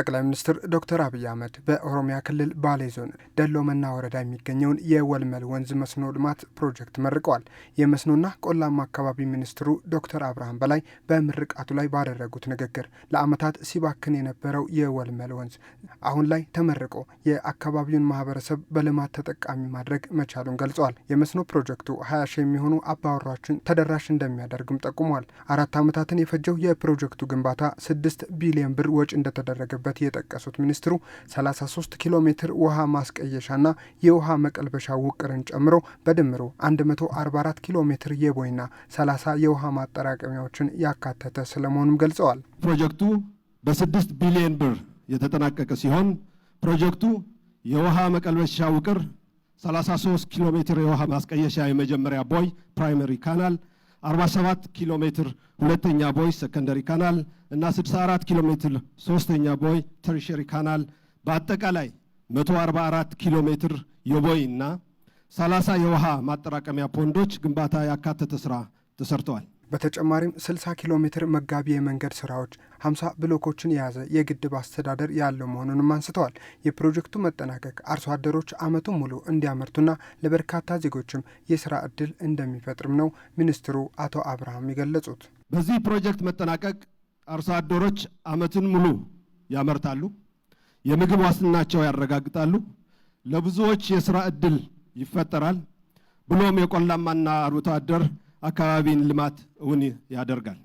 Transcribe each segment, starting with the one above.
ጠቅላይ ሚኒስትር ዶክተር አብይ አህመድ በኦሮሚያ ክልል ባሌ ዞን ደሎመና ወረዳ የሚገኘውን የወልመል ወንዝ መስኖ ልማት ፕሮጀክት መርቀዋል። የመስኖና ቆላማ አካባቢ ሚኒስትሩ ዶክተር አብርሃም በላይ በምርቃቱ ላይ ባደረጉት ንግግር ለዓመታት ሲባክን የነበረው የወልመል ወንዝ አሁን ላይ ተመርቆ የአካባቢውን ማህበረሰብ በልማት ተጠቃሚ ማድረግ መቻሉን ገልጸዋል። የመስኖ ፕሮጀክቱ ሀያ ሺህ የሚሆኑ አባወራዎችን ተደራሽ እንደሚያደርግም ጠቁመዋል። አራት ዓመታትን የፈጀው የፕሮጀክቱ ግንባታ ስድስት ቢሊዮን ብር ወጪ እንደተደረገ እንደሚገኝበት የጠቀሱት ሚኒስትሩ 33 ኪሎ ሜትር ውሃ ማስቀየሻና የውሃ መቀልበሻ ውቅርን ጨምሮ በድምሩ 144 ኪሎ ሜትር የቦይና 30 የውሃ ማጠራቀሚያዎችን ያካተተ ስለመሆኑም ገልጸዋል። ፕሮጀክቱ በ6 ቢሊዮን ብር የተጠናቀቀ ሲሆን ፕሮጀክቱ የውሃ መቀልበሻ ውቅር 33 ኪሎ ሜትር የውሃ ማስቀየሻ የመጀመሪያ ቦይ ፕራይመሪ ካናል 47 ኪሎ ሜትር ሁለተኛ ቦይ ሰከንደሪ ካናል እና 64 ኪሎ ሜትር ሶስተኛ ቦይ ተርሸሪ ካናል በአጠቃላይ 144 ኪሎ ሜትር የቦይ እና 30 የውሃ ማጠራቀሚያ ፖንዶች ግንባታ ያካተተ ስራ ተሰርተዋል። በተጨማሪም 60 ኪሎ ሜትር መጋቢ የመንገድ ስራዎች፣ 50 ብሎኮችን የያዘ የግድብ አስተዳደር ያለው መሆኑንም አንስተዋል። የፕሮጀክቱ መጠናቀቅ አርሶ አደሮች አመቱን ሙሉ እንዲያመርቱና ለበርካታ ዜጎችም የስራ እድል እንደሚፈጥርም ነው ሚኒስትሩ አቶ አብርሃም የገለጹት። በዚህ ፕሮጀክት መጠናቀቅ አርሶ አደሮች አመትን ሙሉ ያመርታሉ፣ የምግብ ዋስትናቸው ያረጋግጣሉ፣ ለብዙዎች የስራ እድል ይፈጠራል፣ ብሎም የቆላማና አርብቶ አደር አካባቢን ልማት እውን ያደርጋል።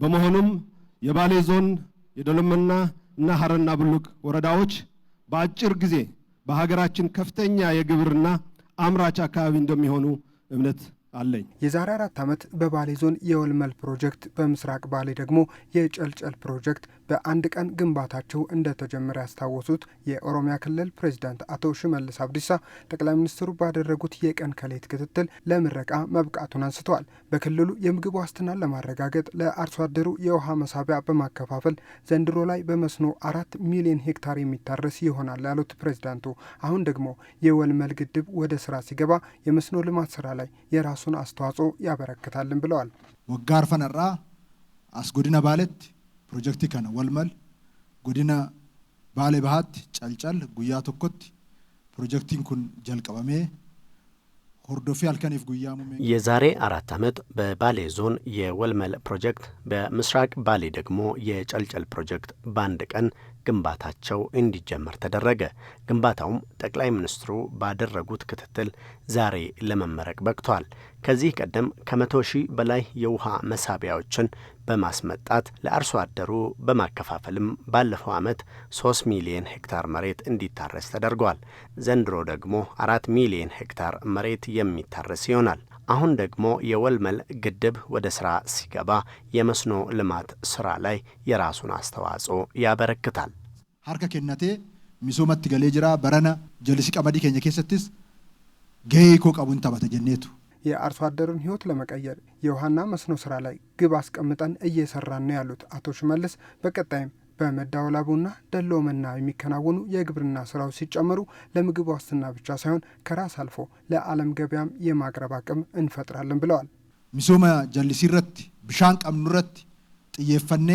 በመሆኑም የባሌ ዞን የደሎመና እና ሀረና ብሉቅ ወረዳዎች በአጭር ጊዜ በሀገራችን ከፍተኛ የግብርና አምራች አካባቢ እንደሚሆኑ እምነት አለኝ። የዛሬ አራት ዓመት በባሌ ዞን የወልመል ፕሮጀክት፣ በምስራቅ ባሌ ደግሞ የጨልጨል ፕሮጀክት በአንድ ቀን ግንባታቸው እንደተጀመረ ያስታወሱት የኦሮሚያ ክልል ፕሬዚዳንት አቶ ሽመልስ አብዲሳ ጠቅላይ ሚኒስትሩ ባደረጉት የቀን ከሌት ክትትል ለምረቃ መብቃቱን አንስተዋል። በክልሉ የምግብ ዋስትናን ለማረጋገጥ ለአርሶ አደሩ የውሃ መሳቢያ በማከፋፈል ዘንድሮ ላይ በመስኖ አራት ሚሊዮን ሄክታር የሚታረስ ይሆናል ያሉት ፕሬዚዳንቱ አሁን ደግሞ የወልመል ግድብ ወደ ስራ ሲገባ የመስኖ ልማት ስራ ላይ የራሱ የራሱን አስተዋጽኦ ያበረክታልን ብለዋል። ወጋር ፈነራ አስጎድና ባለት ፕሮጀክት ከነ ወልመል ጎድና ባሌ ባህት ጨልጨል ጉያ ቶኮት ፕሮጀክቲን ኩን ጀልቀበሜ ሆርዶፊ ጉያ የዛሬ አራት ዓመት በባሌ ዞን የወልመል ፕሮጀክት በምስራቅ ባሌ ደግሞ የጨልጨል ፕሮጀክት በአንድ ቀን ግንባታቸው እንዲጀመር ተደረገ። ግንባታውም ጠቅላይ ሚኒስትሩ ባደረጉት ክትትል ዛሬ ለመመረቅ በቅቷል። ከዚህ ቀደም ከመቶ ሺህ በላይ የውሃ መሳቢያዎችን በማስመጣት ለአርሶ አደሩ በማከፋፈልም ባለፈው ዓመት 3 ሚሊዮን ሄክታር መሬት እንዲታረስ ተደርጓል። ዘንድሮ ደግሞ አራት ሚሊዮን ሄክታር መሬት የሚታረስ ይሆናል። አሁን ደግሞ የወልመል ግድብ ወደ ሥራ ሲገባ የመስኖ ልማት ሥራ ላይ የራሱን አስተዋጽኦ ያበረክታል። ሀርከ ኬነቴ ሚሶመት ገሌ ጅራ በረነ ጀልሲ ቀመዲ ኬኘ ኬሰትስ ገይኮ ቀቡን ተባተ ጀኔቱ የአርሶ አደሩን ሕይወት ለመቀየር የውሃና መስኖ ስራ ላይ ግብ አስቀምጠን እየሰራን ነው ያሉት አቶ ሽመልስ በቀጣይም በመዳወላቡና ደሎመና የሚከናወኑ የግብርና ስራዎች ሲጨመሩ ለምግብ ዋስትና ብቻ ሳይሆን ከራስ አልፎ ለዓለም ገበያም የማቅረብ አቅም እንፈጥራለን ብለዋል። ሚሶማ ጀልሲረት ብሻን ቀምኑረት ጥየፈኔ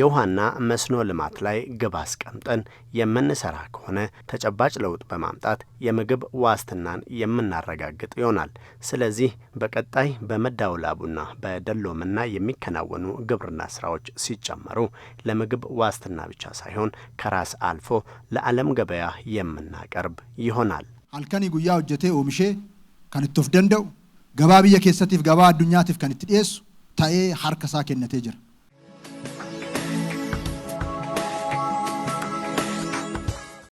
የውሃና መስኖ ልማት ላይ ግብ አስቀምጠን የምንሰራ ከሆነ ተጨባጭ ለውጥ በማምጣት የምግብ ዋስትናን የምናረጋግጥ ይሆናል። ስለዚህ በቀጣይ በመዳውላቡና በደሎምና የሚከናወኑ ግብርና ስራዎች ሲጨመሩ ለምግብ ዋስትና ብቻ ሳይሆን ከራስ አልፎ ለዓለም ገበያ የምናቀርብ ይሆናል። አልከኒ ጉያ ሆጀቴ ኦምሼ ከንቶፍ ደንደው ገባ ብየ ኬሰቲፍ ገባ አዱኛቲፍ ከንት ta'ee harka isaa kennatee jira.